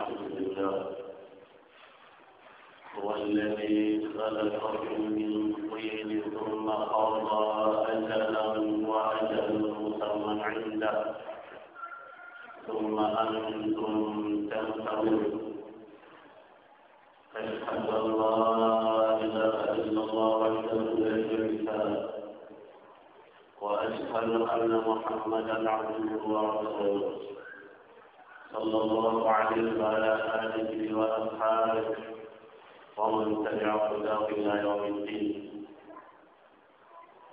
الحمد لله هو الذي خلقكم من طين ثم قضى أجلا وأجل مسمى عنده ثم أنتم تمترون أشهد الله لا إله الله وحده لا شريك له وأشهد أن محمدا عبده ورسوله صلى الله عليه وعلى آله وأصحابه ومن تبع هداه إلى يوم الدين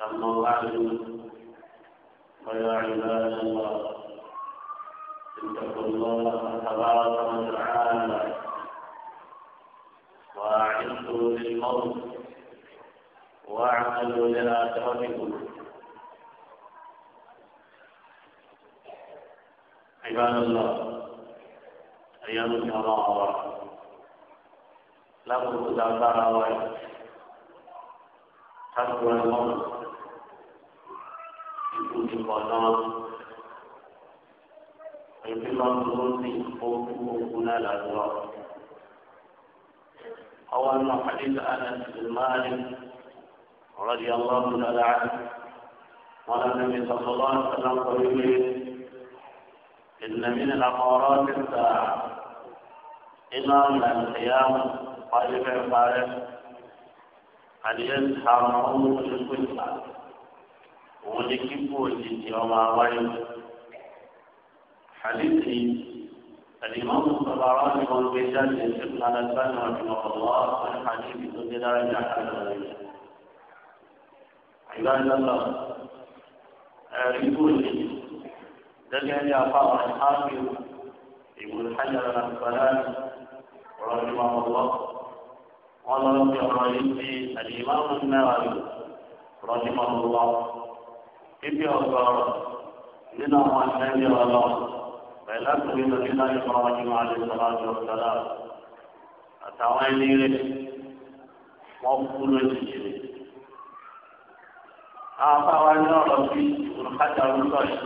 أما بعد فيا عباد الله اتقوا الله تبارك وتعالى وأعدوا للموت واعملوا لآثاركم عباد الله ẹ̀yà ló ní ọlọ́run wa lákòókò lágbára wa kájú ẹ̀wọ̀n ikú ti pọ̀ náà èyí lọ́n tó ní òkú òkú náà làdúrà ọwọ́ nù àdéhùn Anas bin Malik رضي الله تعالى عنه قال النبي صلى الله عليه وسلم إن من العقارات الساعة إلا من القيام قال طيب فعل قال أن في قوم الكل ونكبوا الجن وما حديثي الإمام الطبراني والبيتان يسمى على البان رحمه الله عن حديث سيدنا علي عباد الله أعرفون دليل يا فاطمة الحافظ ابن حجر الأسقلاني رحمه الله قال في الرئيس الإمام النووي رحمه الله إذ أخبر لنا عن النبي الله فلكم من الله إبراهيم عليه الصلاة والسلام أتواني مفهول الجن أعطاني ربي الحجر الصحيح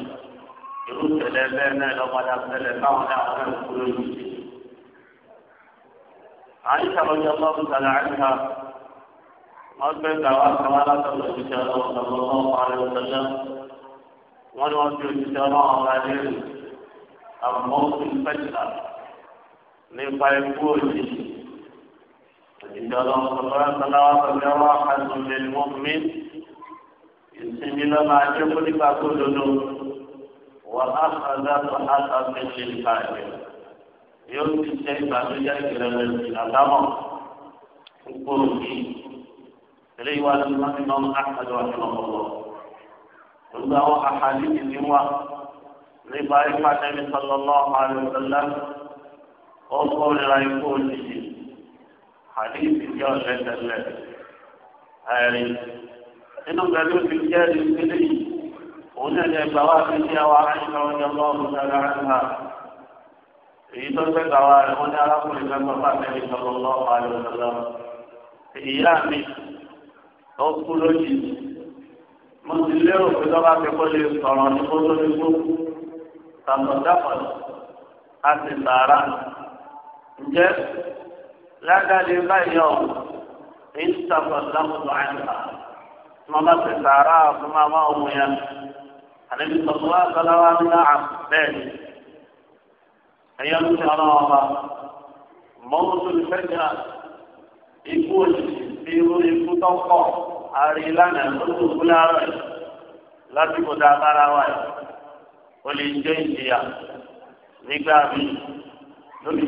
يرد لبنا لقد أبدل فعلا أن كل الجن عائشة رضي الله تعالى عنها أثبت دعوات كمالة الإشارة صلى الله عليه وسلم ونوجه الإشارة على الموت الفجأة nípa ikú òjijì ìjọba ọ̀sọ̀rọ̀ ṣọláwá pẹ̀lú ẹwà àtúnṣe ni wọ́n mí ìsinmi lọ́nà ajé fún nípa tó dodo wọ́n á sọ̀rọ̀ àtàkùn ìṣèlú káàkiri yóò ti ṣe ìgbàlódé ìrẹ̀lẹ̀ ìlàdámọ̀ gbogbo òbí eléyìí wá lórí wọn nínú àkàdé wà nínú ọpọlọ gbogbo àwọn àkàdé ti ní wà nípa ipa tẹmí sọlọlọ àlùfẹlẹ ọkọ ìlera ikú òjijì àdéhìí jẹ ọ̀lẹ́ tẹ́lẹ̀ ẹ̀rí nínú pẹ̀lú ti jẹ́ ìpínlẹ̀ yìí òun náà lè gbà wá sí ìyàwó aráàlú ọjọ́ lọ́wọ́ tó dára náà èyí tó fẹ́ gbà wá rẹ̀ wọ́n ní arákùnrin fẹ́ gbọ́ fún àtẹ́lẹ́ ìṣọ̀rọ̀ lọ́wọ́ ayọ̀ lọ́wọ́ ìyá mi ó kú lójijì mo ti lérò pé lọ́ba fi kó lè sọ̀rọ̀ ní kó tó lè gbó tàbọ̀dàpọ̀ a ti sàárà ǹjẹ́ lágbàdé báyọ̀ èyí tàbọ̀dàpọ̀ àyíká mo bá ti sàárà fún màmá òun yẹn àlejò tó wá sọ́lá wa ń ẹ̀yà ń ṣe ara wọn bá mọ́tò tó lè fẹ́ jà ikú òṣìṣẹ́ bí irú ikú tó pọ̀ àrí lánàá tó tó kú láàárọ̀ yìí lásìkò tá a bára wà yìí ó lè jẹ́ ìjìyà nígbà míì lórí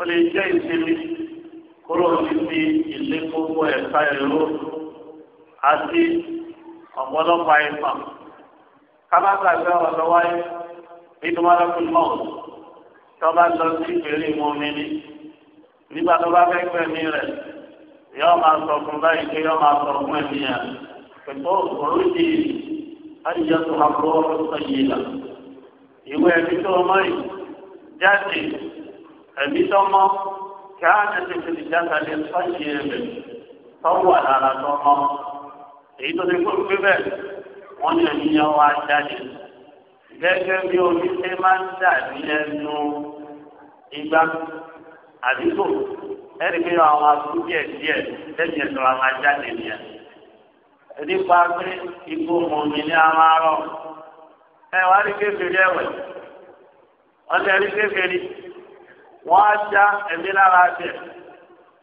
ó lè jẹ́ ìsinmi kúrò níbi ilé gbogbo ẹ̀ka ìlú àti ọ̀pọ̀lọpọ̀ àìsàn kábàtà gbé ọ̀dọ́ wáyé nínú wọn lọ́kùn mọ́ tọ́ba lọ sí ìpèrè ìmọ̀mí ni nígbà tó bá fẹ́ gbẹ̀mí rẹ̀ yọ́ọ́ máa sọ fún báyìí pé yọ́ọ́ máa sọ fún ẹ̀mí yẹn pẹ̀lú òru di àyíyàtọ̀ àbúrò ọ̀rọ̀ sọ yìí là ìwé ẹ̀mí tó o mọ̀ yìí jáde. ẹ̀mí tọ́mọ́ kí á ní tètè lè jáde lè sọ́ọ̀jì rẹ̀ tọ́wọ́ àdára tọ́mọ́ èyí tó ti kó pé bẹ́ẹ̀ wọ́n ní ẹ̀mí yẹn wá jáde gẹ́gẹ́ bí omi ṣe máa ń dàbí ẹnu igbá àdúgbò ẹni pé àwọn akú díẹ̀ díẹ̀ lẹ́yìn ẹ̀sọ́ àwọn ajáde nìyẹn nípa pé ikú mọ̀mí ní ẹ wá rí kékeré ọ̀sẹ̀ rí kékeré. wọ́n á ṣá ẹ̀mí lára jẹ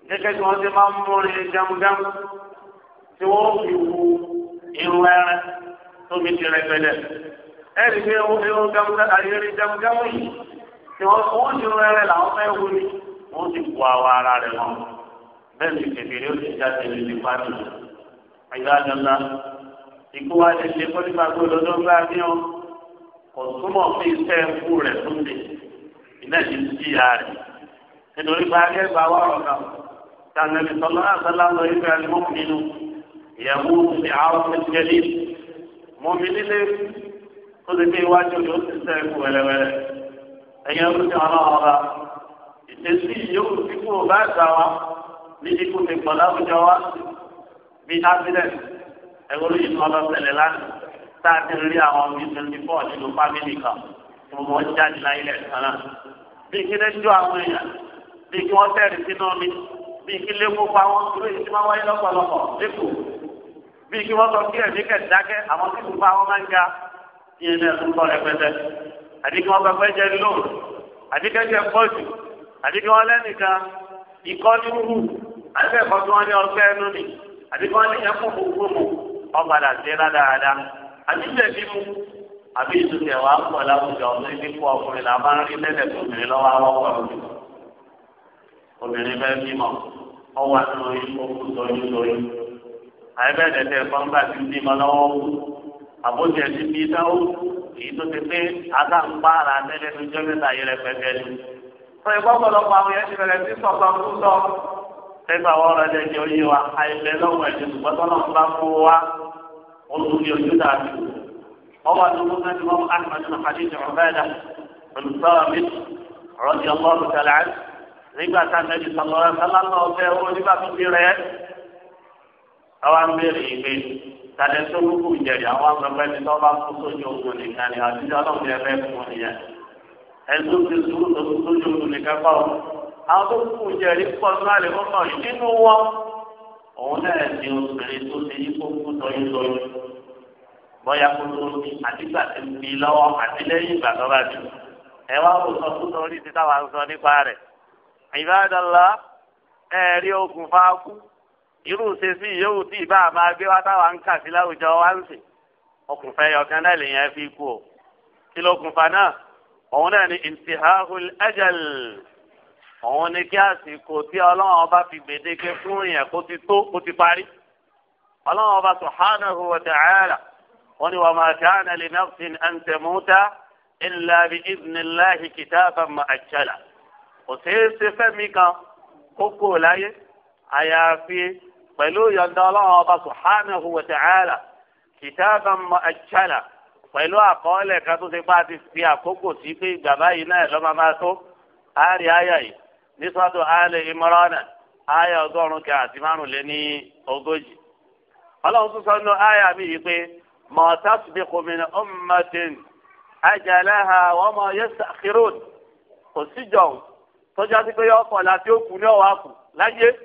gẹ́gẹ́ bí wọ́n ti máa ń múrin gámgám tí wọ́n fi wu irun ẹran tóbi ti rẹpẹlẹ ẹ̀rí pé irun gámgám ayélujára gámgám yìí tí wọ́n fún irun ẹran làwọn fẹ́ wú ni wọ́n ti bu àwọn ara rẹ̀ wọn bẹ́ẹ̀ ni kẹfìrí ó ti jáde lórí pàdé ẹ̀yọ́ àdọ́lá ikú wa lè ṣe kó nípa gbọ́dọ̀ ló ń kò túmọ̀ fún iṣẹ́ ẹ̀kú rẹ̀ tó ń lè iná yìí ń jí ya rẹ̀ nítorí pé akẹ́gbà wà ọ̀gá sànẹ́bí sọlá àgbàlá lọ ibẹ̀ ni wọ́n mi nù ìyàwó ti àwọn ìjẹ́lì mọ́ mi nílé ó ti gbé iwájú yóò ti sẹ́ ẹ̀kú wẹ́lẹ́wẹ́lẹ́ ẹ̀yẹ ń ti ọ̀nà ọ̀gá ìṣesí yóò fi kú ọ̀gá ẹ̀ka wa ní ikú ti pọ̀ láwùjọ wa bí accident ẹ̀wọ́n lóyún kan lọ ṣẹlẹ̀ lánàá ti rí àwọn bí kí lẹ́jọ́ àwọn èèyàn bí kí wọ́n tẹ̀rí sínú mi bí kí léwu pa wọn irú èyí tí wọ́n wáyé lọ́pọ̀lọpọ̀ lẹ́kọ̀ọ́ bí kí wọ́n sọ kí ẹ̀mí kẹ̀dákẹ́ àwọn tí kùfà wọn máa ń ga ìyẹn náà ń kọ́ rẹpẹtẹ àti kí wọ́n fẹ́ fẹ́ jẹ lóòrùn àti kẹ́kẹ́ pọ̀jù àti kí wọ́n lẹ́nìkan ikọ́ ní wúwú àti ẹ̀kọ́ tí wọ́n ní ọgbẹ́ ẹnu nì àti kí wọ́n ní ẹkún gbogbo mu ọgbàdà àbí ìtúsẹ̀ wa pọ̀ láwùjọ ní kíkó ọkùnrin là máa ń rí lẹ́lẹ̀ tó obìnrin lọ́wọ́ àwọn ọkọ̀ rẹ̀ obìnrin bẹ́ẹ̀ bímọ ọwọ́ àtúnyí okú tóyún tóyún àyẹ̀bẹ̀ tẹ̀tẹ̀ kọ́ńgbà ti bímọ lọ́wọ́ wù àbójú ẹ̀ ti bí dáwọ́ èyí tó ti pé adáǹpá ara tẹ́lẹ̀ tó jẹ́ mẹ́ta yẹrẹ pẹ́kẹ́ ni. fún ẹgbẹ́ ọ̀pọ̀lọpọ̀ àwọn yẹn ti bẹ̀rẹ̀ sí sọ̀kan روى المسند الإمام أحمد من حديث عبادة بن ثابت رضي الله تعالى عنه ربا النبي صلى الله عليه وسلم وفيه ربا في الرياض àwọn béèrè ìgbé tàdé tó kúkú ìjẹrì àwọn àgbẹ̀gbẹ́ ni tó bá kú sójú ogun nìkan ni àti ọlọ́run ní ẹgbẹ́ fún nìyẹn ẹni tó ti sùúrù tó kú sójú ogun nìkan kọ́ àwọn tó kúkú ìjẹrì pọ̀ ní àlè kọ́kọ́ yìí nínú wọn òun náà ti obìnrin tó ti yí kó kú tọ́yún tọ́yún bọ́yá kó tó ní àdìgbà tí ń fi lọ́wọ́ àti lẹ́yìn ìgbà tó bá dùn. ẹ wá ó sọ fún torí ti táwa sọ nípa rẹ̀. ìbádọ́lá ẹ rí okùn fáakú irú ṣe sí ìyóhùn tí ìbá máa gbé wá táwa ń kà sí láwùjọ wá ń sìn. okùn fẹ́ yọkan náà lèèyàn fi kú o. kí ló kùn fa náà? òun náà ni intihahul ajal. òun ni kí àsìkò tí ọlọ́run bá fi gbèdéke fún ìyẹn kó ti tó kó ti parí. ọlọ́run bá subhanahu wa wọ́n ní wa ma kana li nafsin an tamuta illa bi idhnillahi kitaban mu'ajjala kò ṣeé ṣe fẹ́mi kan kókó láyé àyàfi pẹ̀lú yọ̀ǹda ọlọ́run ọba subhanahu wa ta'ala kitaban mu'ajjala pẹ̀lú àkọọ́lẹ̀ kan tó ṣe pé a ti fi àkókò sí pé ìgbà báyìí náà lọ́mọ máa tó àárí àyà yìí ní sọ́dọ̀ àlẹ́ ìmọ̀ránà àyà ọgọ́rùn-ún kẹ́ àti márùn-ún lé ní ogójì. ọlọ́run tún sọ nínú àyà mi yìí pé ما تسبق من أمة أجلها وما يستأخرون قصيجون تجاتي كي يوكو لا تيوكو نيو واكو لا يي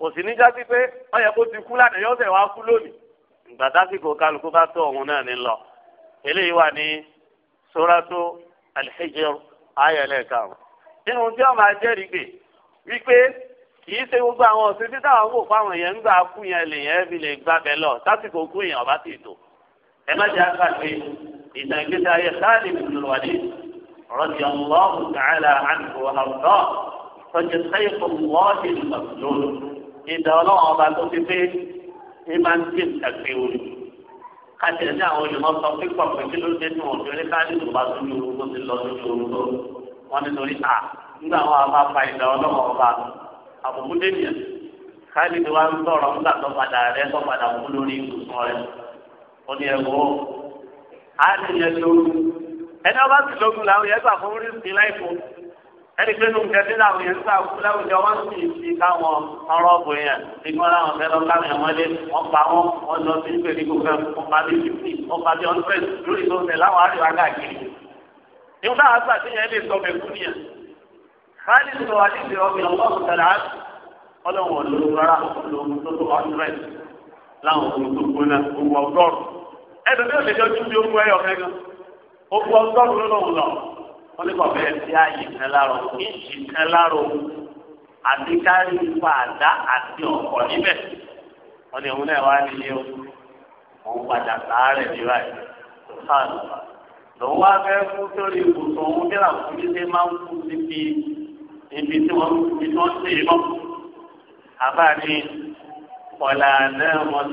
قصيني جاتي كي أي قد يكو لا نيو زي واكو لوني بداتي كو كالكو باتو هنا نلا إلي واني سورة الحجر آية لكام إنه جامعة جاري بي wípé kì í ṣe gbogbo àwọn ọ̀sìn títà àwọn òkú àwọn èèyàn ń gbà kú yẹn lèèyàn fi lè gbàbẹ lọ sásìkò kú yẹn ọba ti tò ẹ má jẹ́ àgbàgbé ìtàn ìgbésí ayé Khalid ibn al-Walid radiyallahu ta'ala anhu àwùjọ tọ́jú sẹ́yìn wọ́ọ̀dì lọ́sùlùmí ìdá ọlọ́run ọba tó ti pé ẹ máa ń gbé ìtàgbé orí káṣí ẹ̀dá àwọn olùmọ̀ sọ pé pọ̀pẹ́ kí ló dé tí wọ́n fi rí tó bá tóbi ooru tó ti lọ tóbi ooru tó wọ́n ní torí nígbà wọn a máa fa ìdá ọba àbùkù dé nìyẹn Khalid wa ń sọ̀rọ̀ nígbà tó padà rẹ tó padà kú lórí ibùsùn rẹ ó ní ẹ̀wọ́ á ní yẹn lóru ẹni ọba sì lóru làwọn yẹn gbà fún rísì láìpọ̀ ẹni pé nù kẹfí làwọn yẹn gbà fún láwùjọ wọn sì fi káwọn ọ̀rọ̀ ọbọ yẹn nígbà láwọn fẹẹ lọ káwọn yẹn wọlé wọn pa wọn wọn lọ sí ìgbèríko fẹ wọn pa bí fífi wọn pa bí ọdún lórí tó fẹ láwọn àríwá káàkiri nígbà àgbà tí yẹn lè sọ mẹkú nìyẹn káàdì sọ àdìsí ọmọ ọlọ́run tẹ̀lé á ọlọ́run ọ̀dọ́ rárá ọlọ́run tó tó ọdún rẹ̀ láwọn olùdókòó náà gbogbo ọgọ́rùn-ún ẹnu tí o lè jọjú bí ogun ẹyọ fẹ gan ogun ọgọ́rùn ló lòun lọ wọn ní bàbá ẹ ti ààyè kan lára ìjì kan lára àti kárí ipa àdá àti ọkọ níbẹ̀ wọn ní òun náà wá nílé o òun padà sàárẹ ní báyìí sáà lòun wá fẹ́ fún sórí ibùsùn òun bí làwọn fi ṣe máa ń kú síbi ibi tí wọn fi tí wọn ṣe é mọ àbá ni ọ̀là náà wọn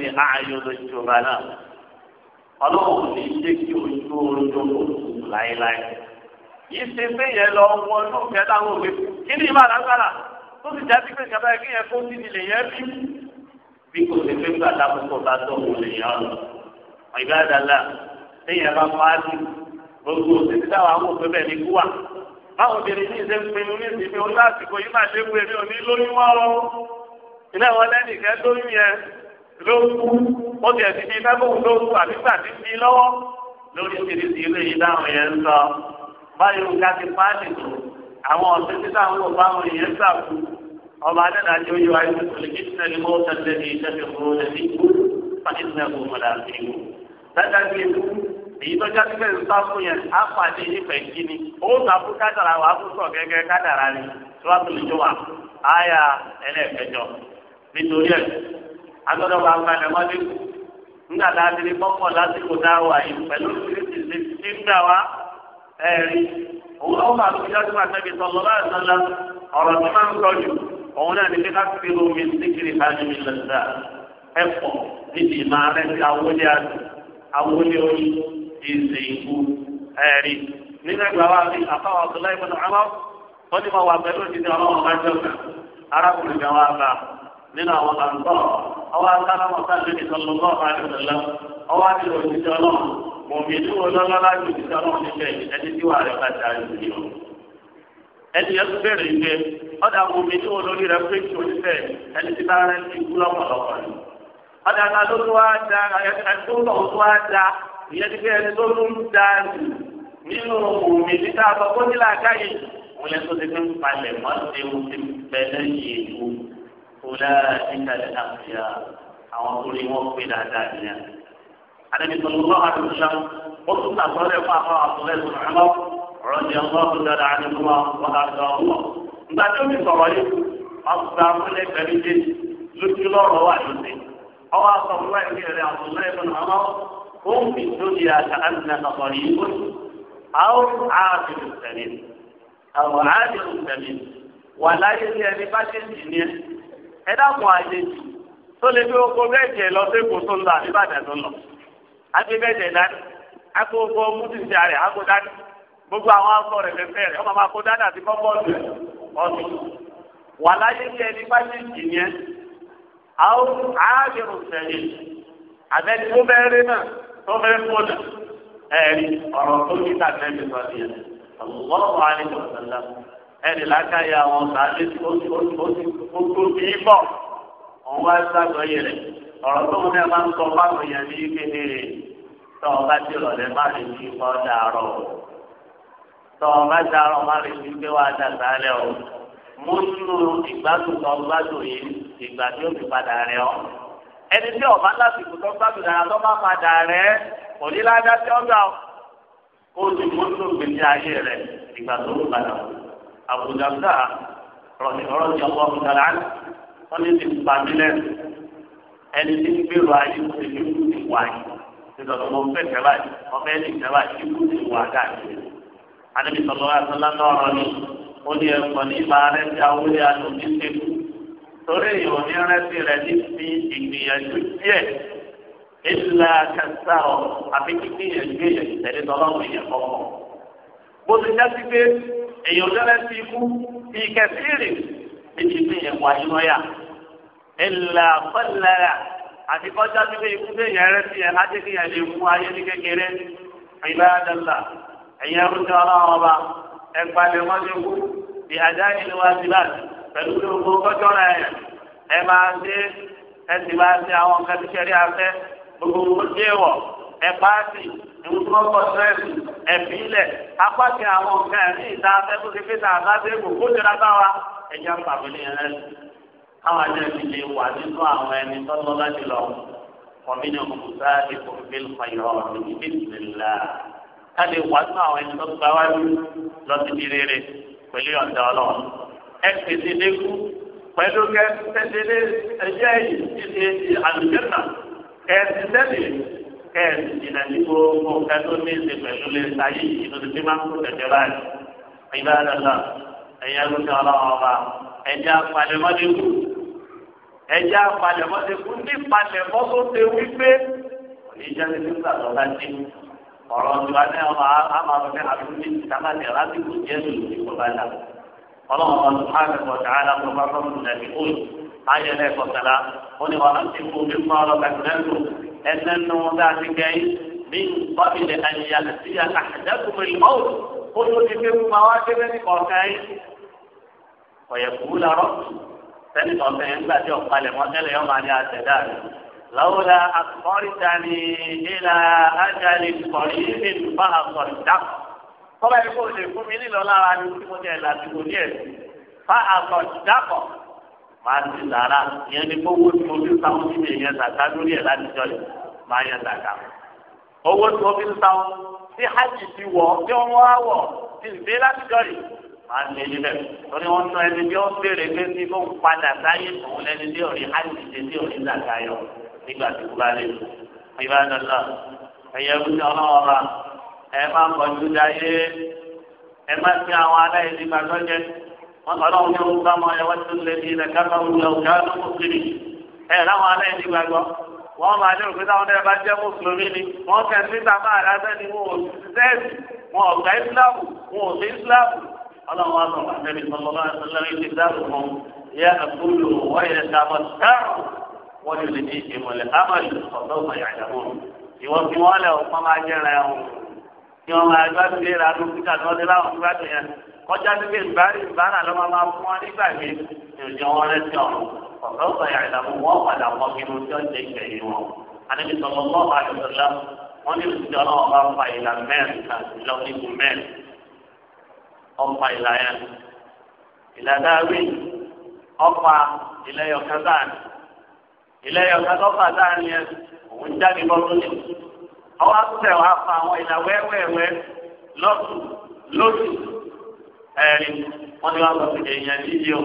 náà ọlọ́run lè jẹ́ kí ojú oorun tó kò tù láéláé. yìí ṣe pé yẹn lọ wọn ló fẹ́ láwọn òwe kí ni ìmọ̀ àlágbára tó ti jáde pé ìjọba ẹgbẹ́ yẹn kó dídì lè yẹn bí. bí kò sí pé gbàdá púpọ̀ bá tọ̀ wò lè yàn lọ. ìgbà dàda téèyàn bá pa á sí gbogbo òṣèlú táwọn àwọn òfin bẹ́ẹ̀ ni kú wà. báwọn obìnrin ní ìṣe ń pinnu ní ìsinmi onílàsìkò yìí máa ṣe é ló kú ó ti ẹ̀sìn bíi fẹ́fún ló kú àbí gbàdí bíi lọ́wọ́ lórí ìṣèlérí ilé yìí dáhùn yẹn ń sọ báyìí ó ga ti páàlì tó àwọn ọ̀sẹ̀ tí táwọn ò bá wọn yẹn sàkú ọba adẹ́nà àti oyè wa yóò tó lè kí sinẹ́ ni mọ́tò tẹ̀lé ní ìṣẹ́fẹ̀ kúrò lẹ́sí kú pàṣẹ sinẹ́ kò mọ̀ láti kú. dáadáa bíi ikú èyí tó já sílẹ̀ ń sá fún yẹn á pàdé ìfẹ́ kíni ó sá fún kádàrà wà á fún sọ̀ gẹ́gẹ́ kádàrà ni tí wàá tó lè jó wa áyà ẹlẹ́ẹ̀kẹjọ nítorí ẹ̀ agbọ́dọ̀ bá gba ẹ̀mọ́ ní kù nígbà tá a ti di pọ́pọ̀ lásìkò náà wà yìí pẹ̀lú ti ń gbà wá ẹ̀rí òun ó máa fi dájú máa tẹ́bi sọ̀rọ̀ láì sọ́lá ọ̀rọ̀ tó máa ń tọ́jú òun náà ní kíkà sí omi síkiri hajjimi lẹ́sà ẹ̀pọ̀ níbi ìmọ̀ rẹ̀ sí awolé àti awolé oyin ìsè ikú ẹ̀rí nígbà gbà wá àfáwọn ọ̀tọ̀lá ìbọn àmọ́ ó ní mo wà pẹ̀lú ìdíje ọlọ́run bá nínú àwọn àgbọ̀ ọwọ́ akáwọn sáájú ní sọlọ́gbọ́ àdìsọ́lọ́ ọwọ́ àdìsọ́ òṣìṣẹ́ ọlọ́run mọ̀mìnú olólọ́lá ju òṣìṣẹ́ ọlọ́run níṣẹ́ ẹni tí wàá rẹ̀ bá ta ìlú yọ. ẹni yẹn tún bẹ̀rẹ̀ ìgbé ọ̀dà mọ̀mìnú olórí rẹ̀ pé kí oníṣẹ́ ẹni tí bá rẹ̀ ti kú lọ́pọ̀lọpọ̀ ni. ọ̀dà àtàlótó wá أولئك الأغنياء àwọn tó lé wọn pé dáadáa nìyẹn. Adébísọ̀ lọ́wọ́ àdúgbò ó tún tà sọ́lẹ̀ fún àwọn àtúnlẹ̀ ìsọ̀rọ̀ ọ̀rọ̀ ni ọgbọ́n tó dára nínú wọn wọ́n á sọ ọ́. Nígbà tí ó fi sọ̀rọ̀ yìí, ọ̀sùn àmúlẹ̀ pẹ̀lú dé lójú lọ́rọ̀ wà lóde. Ọwọ́ aṣọ fúnra ìwé rẹ̀ àtúnlẹ̀ ìsọ̀rọ̀ ọmọ ó ń fi lórí àtàkànnà ọ̀rọ̀ yìí ó ní. Àwọn àádìrú tẹ̀lé. Àwọn àádìrú tẹ̀lé. Wà láyé ní ẹni bá ṣe ń dì ní ẹ. ẹ dákun àjèjì tó lè fi oko bẹ́ẹ̀jì lọ sí ipò tó ń lọ àbíbàdàn tó ń lọ àti bẹ́ẹ̀jì dání oko mútìsí dání gbogbo àwọn akọ ọmọ àpò dání àti kọ́kọ́ọ̀dù ọ̀sùn wà láyé ní ẹni yẹn àwọn àbẹ́ni tó bẹ́ẹ̀ rí náà tó bẹ́ẹ̀ fọ́nà ẹ̀rí ọ̀rọ̀ tó tàbí gbogbo bí í bọ̀ òun wá sábà yẹ rẹ̀ ọ̀rọ̀ tó ń bẹ́ẹ̀ máa ń sọ fáwọn èèyàn ní kékeré tó ọba ti rọ̀lẹ́ má lè fi kọ́ dàrọ̀ tó ọba dàrọ̀ má lè fi pé wàá dàgbà lẹ̀ o mo ń lo ìgbádùn tó gbádùn yìí ìgbà tí ó fi padà rẹ̀ ọ́ ẹni tí ọba lásìkò tó gbádùn dára tó bá padà rẹ̀ kò ní ládá tí ó gbà ó ti mú tó gbèsè ayé rẹ̀ ìgbà tó ń padà àbùdá ọ̀rọ̀ ti ọkọ̀ ọ̀dàlá wọ́n ní ti pa nílẹ̀ ẹni tí ń gbèrò ayé kò sí ikú ti wà yìí nítorí mo fẹ́ kẹ́lá yìí mo fẹ́ lè kẹ́lá yìí ikú ti wà káàkiri. adébí sọ̀rọ̀ àtúnlá náà rọ ni ó ní ẹ̀kọ́ ní ibà rẹ̀ ti awúlé àtúntí sẹ́kù torí ìwọ̀n ní rẹ́sì rẹ̀ ní fi ìgbìyànjú díẹ̀ ìlà kẹsàrọ̀ àfi kíkìyànjú èèyàn èèyàn kọ̀ọ̀kan. في كثير من جميع وعيوها إلا قللا àti kọjá ikú ẹrẹ sí ẹ kí ẹ lè mú ayé ní kékeré ẹrú ọba ti kú bí ajá ìlú wa ti bá pẹ̀lú gbogbo kọjọ́ rẹ̀ ẹ máa dé ẹ sì máa dé àwọn nǹkan tí gbogbo dé ẹ ìwúntúmọ́pọ̀ sẹ́ẹ̀sì ẹ̀bí lẹ̀ apákẹ́ àwọn nǹkan ẹ̀mí ìta afẹ́kù ti fẹ́ta àbáṣe kò kó jẹrà bá wa ẹ̀jẹ̀ ń pàbí ní ẹ̀rẹ́ káwọn ajá ti lè wà nínú àwọn ẹni tó lọ láti lọ kọ̀mínú musa ikú fílfàyọ̀ ìdílélá ká lè wà nínú àwọn ẹni tó gba wájú lọ sí ibi rere pẹ̀lú ọ̀dọ́ ọlọ́run ẹ pèsè lẹ́kú pẹ̀lú kẹ́ tẹ́tẹ́lẹ́ ẹ̀jẹ̀ yìí ti di àlùjẹ́nà kẹ́ẹ̀sì tẹ́lẹ̀ kẹ́ẹ̀rì ìjìnà tí gbogbo nǹkan tó ní ìsìn pẹ̀lú lè sáyé ìdòdò tí máa ń kó tẹ̀tẹ̀ báyìí. ìgbà dàda ẹ̀yin alóde ọlọ́wọ́ ọba ẹ̀jẹ̀ apalẹ̀mọ́dékù ẹ̀jẹ̀ apalẹ̀mọ́dékù ní palẹ̀mọ́ tó ṣe wípé ìjà ti fi gbà lọ́la dé ọ̀rọ̀ ìgbà náà a máa fẹ́ àbúrúdé ìtàkàtì lásìkò jésù ìkọ̀bá náà ọlọ́wọ́ ọ̀sán ayé lẹ́kọ̀ọ́kẹ́lá ó ní wàhálà ti kú bí fún ọlọ́ kàtẹ́kù ẹ̀ẹ́dẹ́ nù dáa ti gẹ̀yìn ní bọ́bìlẹ̀ àyíyá àti àkàtẹ́kù mi lọ́wọ́ ó tó ti fi fún wa kébé ní kọ̀ọ̀kan yìí ọ̀yẹ̀ kú lọ́rọ́ sẹ́ni kọ̀ọ̀kan yìí ń gbà tí ọ̀palẹ̀ mọ́tẹ́lẹ̀ yọ̀ máa ní àtẹ̀dá rẹ̀ lọ́wọ́lá akọ́rìtàní ìlà ájálì kọ̀rí ìlú bá àkọ́rì dákọ̀. kọ́bẹ̀ yìí kò lè fún mi nílò lára ní tí mo jẹ́ ìlànà ìgbòdì fa àkọ́rì dákọ̀ máa ti sàrà ìyẹn ni owó tí mo fi sáwọn sí mi ìyẹn sàkà lórí ẹ̀ látijọ́ yìí máa yẹn sàkà owó tí mo fi sáwọn sí hajj ti wọ̀ tí wọ́n wá wọ̀ ti gbé látijọ́ yìí máa ń lè níbẹ̀ torí wọ́n tún ẹni tí ó béèrè pé kí ló ń padà sáyé òun lẹni tí òní hajj ti tí òní sàkà yọ nígbà tí kò bá lè lò ìbá dọ̀lá ẹ̀yẹ wúti ọlọ́wọ́ ra ẹ má kọjú dáyé ẹ má ti àwọn aláìní gbàgbọ́ jẹ́ ọlọ́run ní orúkọ ọmọ ẹ̀wá tó lé ní ilẹ̀ káfáwọn ilẹ̀ òkè ọdún mùsùlùmí ẹ̀ láwọn alẹ́ ní gbàgbọ́ wọ́n máa lérò pé táwọn ẹ̀rọ bá jẹ́ mùsùlùmí ni wọ́n kẹ́ sí bàbá àdáṣẹ́ ni wọn ò sẹ́ẹ̀sì wọn ò gba ìsìláàmù wọn ò sí ìsìláàmù ọlọ́run wa sọ̀rọ̀ àtẹ́bí sọlọ́lá ẹ̀sọ́lẹ́rì ti dáàbò wọn yẹ àkúlù wọ́n yẹ kọjá níbi ìbárí ìbára ló máa fún wa nígbà mi ìròyìn wọn rẹ sí ọrùn ọ̀rọ̀ ọ̀sọ̀ yà ìlànà wọn padà wọn kí wọn jọ jẹ ìgbẹ̀yìn wọn. àníbi sọ̀rọ̀ mọ́ àdùsọ̀lá wọn ní ìṣúná náà bá fa ìlà mẹ́rin àti lọ́kìkù mẹ́rin. ọ̀pá ìlà yẹn ìlà dáwé ọ̀pá ilẹ̀ yọ̀kan dáàni ilẹ̀ yọ̀kan lọ́pà dáàni yẹn òun jáde bọ́ lónìí. ọwọ́ àtúntẹ̀ wàá fa àwọn ìlà wẹ́wẹ́wẹ́ lọ́sùn lóṣù ẹ̀rin wọ́n ní wọ́n sọ pé èèyàn yíyí o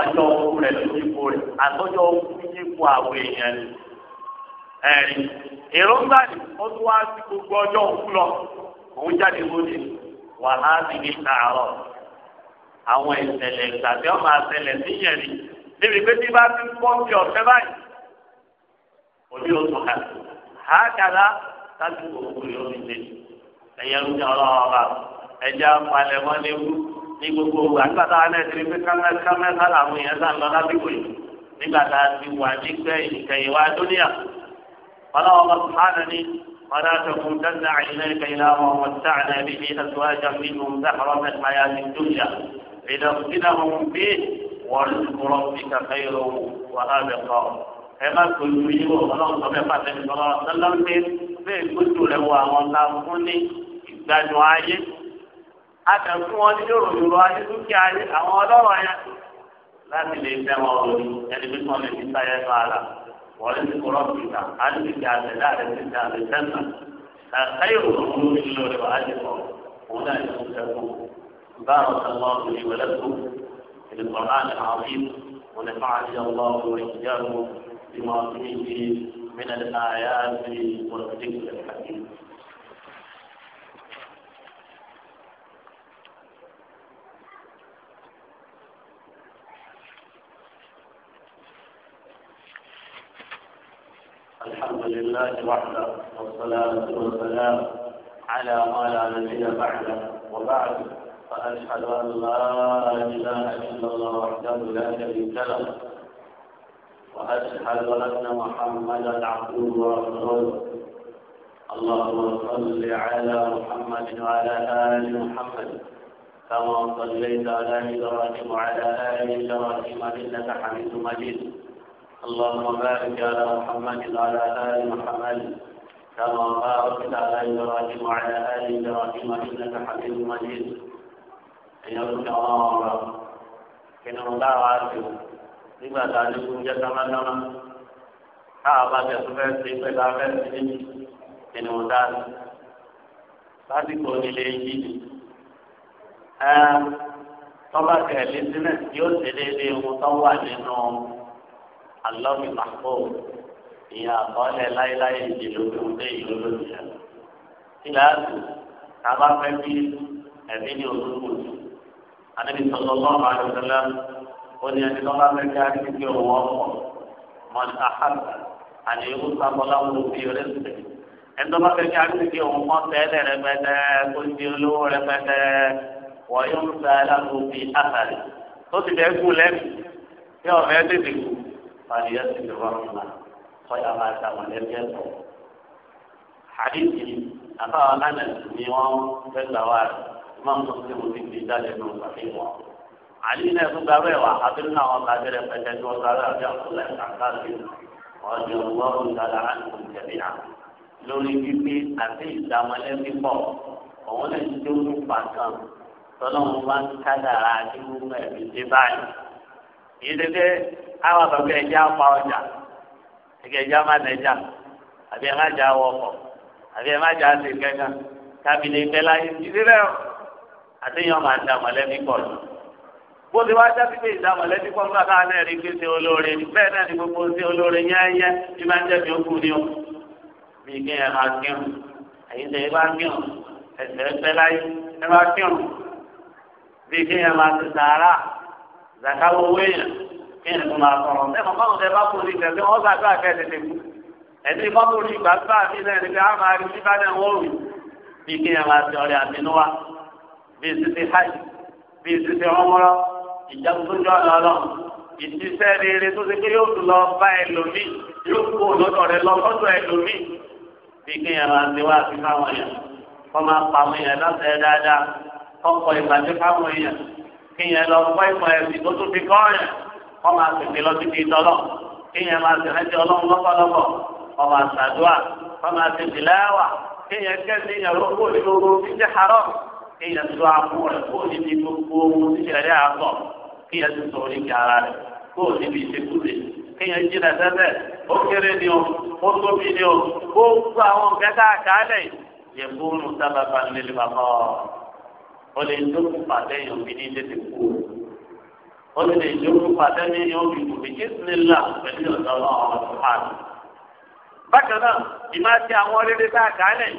ọjọ́ òkú rẹ̀ ló yípo rẹ̀ àtọ́jọ́ òkú yípo àwọn èèyàn ni ẹ̀rin èròǹgbà ni ó tún wá sí gbogbo ọjọ́ òkú lọ òun jáde lóde wàhálà ní àárọ̀ àwọn ìṣẹ̀lẹ̀ tàbí ọmọ àṣẹlẹ̀ níyẹn ni níbi pé tí bá ti ń pọ́ bí ọ̀fẹ́ báyìí òbí ó sọ ká ṣe ẹ̀yẹ ń ẹja palẹ̀mọ́ léwu ní gbogbo òwò àgbà táwọn náà ti rí pé kámẹ́ká làwọn èèyàn sàn lọ lásìkò yìí nígbà tá a ti wà nígbẹ́ ìkẹyìn wa dúníà. ọlọ́wọ́ bá sùhánà ni wọn á tó kún dáná àyìnlẹ́ ìkẹyìn àwọn ọmọ sáànà bí i àtúwájà bí i nùgbà ọ̀rọ̀ mẹ́ta ya ti dúnyà. ìdọ̀kúnà wọn bí wọ́n kúrọ̀ bí kàkẹ́ yìí lọ́wọ́ á bẹ̀ kọ́. ẹ má tójú yìí wọ ọlọ́run tó mẹ́fà tẹ̀síọ́ lọ́wọ́ sọ́lá ń bẹ́ẹ̀ kótó rẹ̀ wọ àwọn àtẹ̀kùn wọn ní yòrò yòrò ayé dúkìá yé àwọn ọlọ́rọ̀ yẹn láti lè fẹ́ wọn lórí ẹni bí wọ́n lè fi sáyẹ́ fún ara wọ́n ti kọ́rọ́ fìtà àdìsí àtẹ̀lẹ́ àdìsí àtẹ̀lẹ́ sẹ́nà ẹ̀ẹ́yọ̀ òun ní lórí àdìsọ̀ òun náà ní sẹ́kù báwo ni wọ́n fi wẹ̀lẹ́ tó القرآن العظيم ونفعني الله وإياكم بما فيه من الآيات والذكر الحكيم الحمد لله وحده والصلاة والسلام على ما لا نبي بعده وبعد فأشهد أن لا إله إلا الله وحده لا شريك له وأشهد أن محمدا عبده ورسوله اللهم صل على محمد وعلى آل محمد كما صليت على إبراهيم وعلى آل إبراهيم إنك حميد مجيد اللهم بارك على محمد وعلى آل محمد كما باركت على إبراهيم وعلى آل إبراهيم إنك حميد مجيد أيها الله كنا مدعوات nígbà tá a ní kó jẹ sámánámá káà bá tẹ fún fẹẹ ṣe pẹ̀lú afẹ sí ènìyàn dáadé lásìkò nílé yìí ni ẹ tọ́ba tẹ̀lé sílẹ̀ yóò ṣe déédéé ohun tó wà nínú alọ́ọ̀mì pàpọ̀ ìyá àkọọ́lẹ̀ láéláé ìdìlógún dé ìlólógún yẹn. kíláàsì tábà fẹ́ bí ẹ̀mí ni olóko jù adébí sọ̀tọ̀ lọ́wọ́ àdùnnà ó ní ẹni tó bá fẹ́ kí akéwì òun ọ̀pọ̀ mọ̀n àhàbà àní ewu sábọ́lá wo bí eré sè ẹni tó bá fẹ́ kí akéwì òun mọ̀ tẹ́lẹ̀ rẹpẹtẹ kó di olówó rẹpẹtẹ wọ́n yóò sá aláwo bí àtàlẹ̀ tó ti fẹ́ kú lẹ́nu tí ọ̀rẹ́ tètè kú fàlìyà sí lè rọrùn náà fọyà máa ta mọ̀lẹ́bí ẹ̀sọ́. àdìsí àbáwọn lánàá ni wọ́n fẹ́ gbà wá rẹ̀ máa ń sọ pé mo ti fi jáde ní ọgbà fi wọ́n. àlì náà tún gbà wẹ̀ wá àbí náà wọn bá bẹ̀rẹ̀ pẹ̀lẹ́ tí wọ́n gbà wẹ̀ àbí àkọlẹ̀ àkáàbí ọ̀dọ̀ ọlọ́run dára àtúntò jẹ̀bíyà lórí pípé àti ìdámọ̀lẹ́bí pọ̀ òun lè tó ń pa kan tọ́lọ́run bá ń kádàrá nínú ẹ̀mí dé báyìí. ìdílé àwọn àgbàgbé ẹja pa ọjà ẹgbẹ ẹja má nẹja àbí ẹ má jà wọ ọkọ àbí ẹ má jà ṣe kankan kábìlì ìfẹ́ láyé ìdílé ọ àtẹ̀yìn ọmọ àti àmọ̀lẹ́bí pọ̀ lọ bó ti wá jáde pé ìdá mọ̀lẹ́bí pọ̀ nígbà káà náà rí pé olóore bẹ́ẹ̀ náà ni gbogbo ṣe olóore yẹ́nyẹ́ bí máa ń jẹ́ mi ó kú ni o bí kí ẹ máa kírun àyè ṣe é bá kírun ẹsẹ̀ ń pẹ́ láyé ẹ máa kírun bí kí ẹ máa ti sàárà zàkáwó wéèyàn kéèyàn tó máa tọrọ ẹ̀mọ́ àmì náà ni pé a máa rí bíbá náà wọ́n rù bí kéèyàn máa ti ọrẹ àtinúwá bí ìsísí hajj bí ìsísí ọmọrọ ìjàkútójú ọ̀nà ọlọ́run ìsísẹ́ rere tó ṣe pé yóò tún lọ bá ẹlòmíì yóò kó lọ́dọ̀ rẹ lọ lọ́dọ̀ ẹlòmíì bí kéèyàn máa ti wá sí fáwọn èèyàn kọ́ máa pa àwọn èèyàn láti ẹ dáadáa kọ́ kọ fáwọn èèyàn kéèyàn lọ kọ́ ìmọ̀ ẹ̀sìn tó tún fi kọ́ ọ̀yàn kọ́ máa pèsè lọ sí ibi tọ́lọ̀ kéèyàn máa tẹ̀lẹ́tì ọlọ́run lọ́pọ̀lọpọ̀ kọ́ máa ṣàdúrà kọ́ máa ṣe tìláwà kéèyàn kẹ́sì èèyàn lóko nínú oru fíjẹ́ àárọ̀ kéèyàn tó àpò rẹ̀ kó níbi gbogbo ohun tí ìṣẹ̀lẹ̀ àpọ̀ kéèyàn tó sọ oríkì ara rẹ̀ kó níbi ìṣekúṣe kéèyàn jìnà sẹ́sẹ̀ ó kéré ni o ó tóbi ni o ó gbọ́ àwọn nǹkan káàkálẹ̀ yẹ fóònù sábàbà nílé bàbá ọ wọ́n ti lè ṣe ohun padà ní ní omi kò méjì nílà pẹ̀lú ọ̀dọ́ ọ̀rọ̀ ṣùgbọ́n. bákan náà ìmáa ti àwọn rere tá a kà á lẹ̀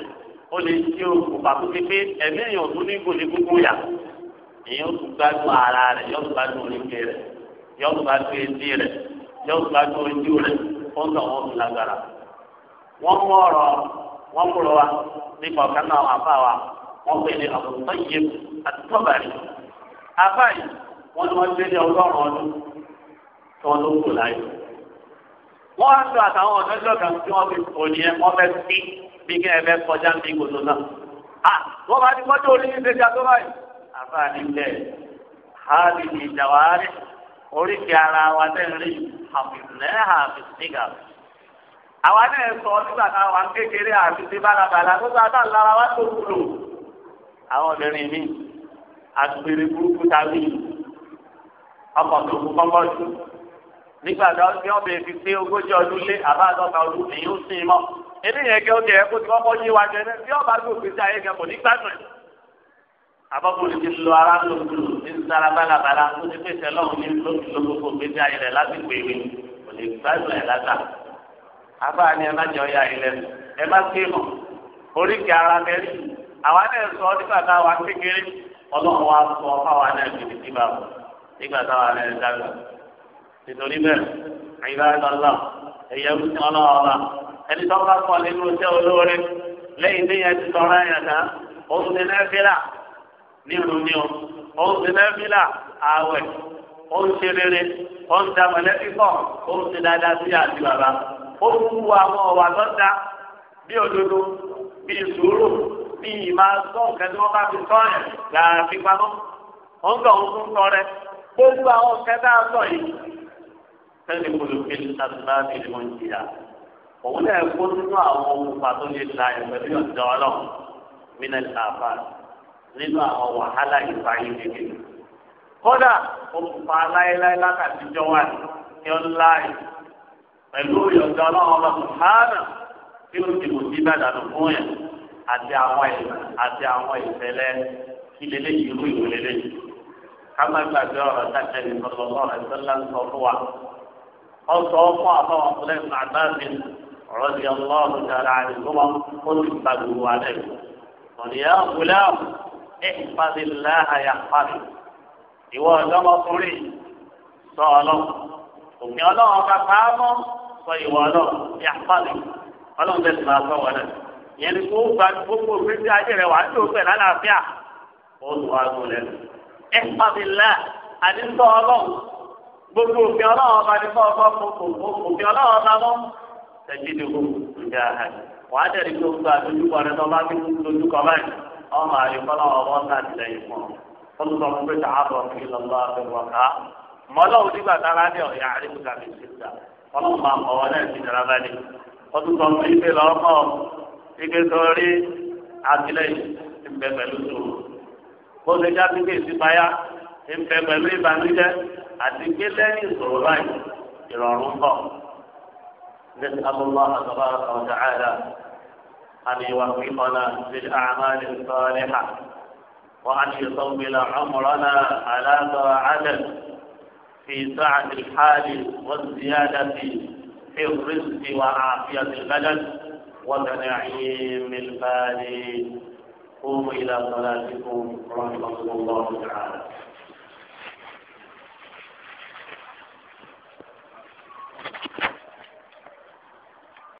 ó lè ṣe ohun pàtó pípé ẹ̀mí èèyàn tó ní gòlè gbogbo yà èèyàn tó gbádùn ara rẹ̀ yóò gbádùn oríkè rẹ̀ yóò gbádùn etí rẹ̀ yóò gbádùn ojú rẹ̀ ó ń tọ̀ lágbára. wọ́n mú ọ̀rọ̀ wọ́n wọ́n ní wọ́n ti ní ọgọ́rùn-ún ọdún tí wọ́n ló kù láyé. wọ́n á sọ àtàwọn ọ̀dọ́jọ́ kan tí wọ́n fi òní ẹ wọ́n fẹ́ sí bí kí ẹ fẹ́ kọjá ní ìgbòdo náà. à wọ́n bá ní mọ́tò orí ní ìgbésí àtọ́ báyìí. àfààní ilẹ̀ hali ní ìjàwárí oríṣi ara wa lẹ́rìí àfìsínẹ́hà àfìsínígà. àwa náà sọ nígbà táwa kékeré àfìsí bálabàlà tó sáà tó kúrò. àwọn obìnrin mi àgbèrè akọ̀tò kọ́kọ́dù nígbà tó ní ọbẹ̀ fi pé ogójì ọdún lé àbáàdọ́ta ọdún èyí ń sin mọ́ ebi yẹn kẹ́ oge ẹ̀kọ́ tí kọ́kọ́ yí wa jẹ́rẹ́ bí ọba tó fi sáyé kẹ́ kò ní gbàgbọ́ ẹ̀. àbọ̀kùnrin ti lọ ara ló kú ní sara balabala ó ti pèsè lọ́hùn ní lókùlókòkò gbèsè ayé rẹ̀ lásìkò ìwé kò ní gbàgbọ́ ẹ̀ látà. afa ni ẹ má jẹ ọyà ilẹ̀ ẹ má ké mọ̀ oríkì ara mẹ́rin àwa náà sọ nígbà táwa kékeré ọlọ́run wa sọ fáwa náà nígbà táwa rẹ̀ ń dàgbà nítorí bẹ́ẹ̀ àyíká ìtọ́lá ẹ̀yẹ wúti ọlọ́ọ̀la ẹni tó bá kọ́ nínú iṣẹ́ olóore lẹ́yìn tí yẹn ti tọ́ra yẹn tán òun ti nẹ́fílà nínú ni o òun ti nẹ́fílà ààwẹ̀ òun ṣe rere òun ti àmọ̀lẹ́bí pọ̀ òun ti dáadáa sí àti bàbá ó ń wo àwọn ọ̀wà tó da bí òdodo bí sùúrù bí ìmọ̀ àgbọ̀ǹkẹ́ tí wọ́n bá fi tọ́ yẹn làá fi pamọ́ òun kàn ń tọ́ rẹ̀ gbogbo àwọn kẹta sọ yìí sẹ́ni olùkí àtúná ní ìlú ìjìyà òun náà kó nínú àwọn ohun pàtó lè la ìpẹ̀lú ọ̀dọ́ ọlọ́run mínà ìlàfà nínú àwọn wàhálà ìfàyè kékeré kódà òkùnfà aláìláì lákàtí jọwà ní ọláì pẹ̀lú ìyọ̀dọ̀ ọlọ́run ọba sùhánà kí ó ti mọ̀ sí ìbàdàn fún yẹn àti àwọn ìfẹ́lẹ́ kí lélẹ́yìí irú ìwé lélẹ́yìí kámá gbàgbé ọ̀rọ̀ dáadáa ní sọlọ́lọ́ àìsọ́lá ń sọ fún wa. wọ́n sọ fún àbáwọn fúlẹ̀ màdá mi ọ̀rọ̀ di ọlọ́run dára àdìgbò ó ti gba gbogbo alẹ́ mi. ọ̀nìyà wùlẹ̀ ìfàdílá àyàfàdì ìwọ ọ̀dọ́mọkùnrin sọ ọlọ́run òfin ọlọ́run ọba pàámọ́ sọ ìwọ ọlọ́run àyàfàdì ọlọ́run bẹ̀rẹ̀ máa sọ wọlé yẹn ni kó gba gbogbo gbèsè ayé rẹ̀ wá sí òfin lálàáfíà ó lù ẹ̀fọ́bìlá àdínkọ́ ọlọ́run gbogbo òfin ọlọ́run ọba ní kọ́ ọgbọ́n gbogbo òfin ọlọ́run ọba lọ. ẹjí ni o ǹjẹ́ àhàn wàá jẹ́rì pé gbogbo àdójúkọ rẹ tó bá fi lójúkọ báyìí ọmọ àríkọ́lá ọwọ́ sàtìlẹ́yìn fún ọ. ó ló sọ fún pé sàábọ̀ kí lọ́lọ́ àbẹ̀wọ̀ ká mọ́lọ́wù nígbà tára ní ọ̀yà àríkùkà kó lè já pípé ìsìpáyà ń bẹ pẹ̀lú ìbànújẹ́ àti gbé lẹ́yìn ìṣòro báyìí ìrọ̀rùn ń bọ̀. نسأل الله تبارك وتعالى أن يوفقنا بالأعمال الصالحة وأن يطول عمرنا على طاعته في سعة الحال والزيادة في الرزق وعافية البدن وتنعيم البال قوموا إلى صلاتكم رحمكم الله تعالى